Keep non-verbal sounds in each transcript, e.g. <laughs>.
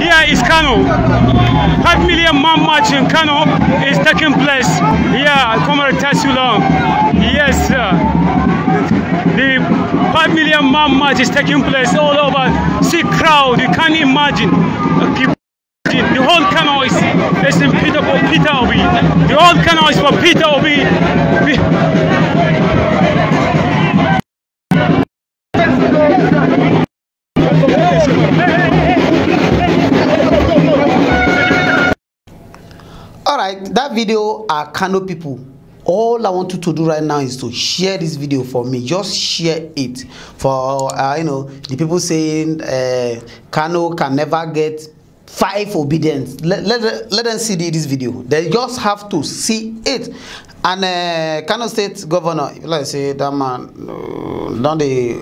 Here is Kano. Five million man march in Kano is taking place here at Comrade Tassulong. Yes, sir. The five million man march is taking place all over. See crowd, you can't imagine. The whole Kano is, is in Peter, for Peter Obi. The whole Kano is for Peter Obi. <laughs> all right that video are kano people all i want you to do right now is to share this video for me just share it for uh, you know the people saying uh, kano can never get five obedience let, let, let them see the, this video they just have to see it and uh, kano state governor like say that man uh, don dey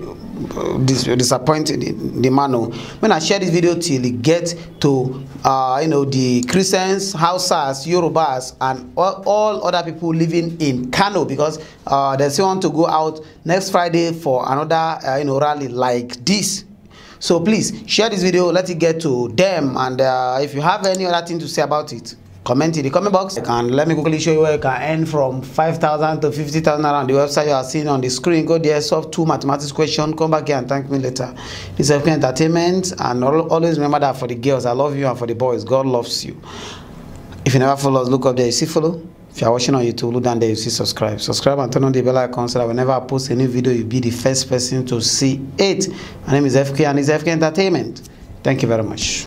dis disappoint the, the man o make na share this video till e get to uh, you know, the christians hausas yorubas and all, all other people living in kano because uh, they still want to go out next friday for another uh, you know, rally like this so please share this video let it get to them and uh, if you have any other thing to say about it comment in the comment box and let me quickly show you where you can earn from 5,000 to 50,000 around the website you are seeing on the screen go there solve two mathematics question come back here and thank me later this is entertainment and always remember that for the girls I love you and for the boys God loves you if you never follow us look up there you see follow if you are watching on YouTube, look down there, you see subscribe. Subscribe and turn on the bell icon so that whenever I post a new video, you'll be the first person to see it. My name is FK and it's FK Entertainment. Thank you very much.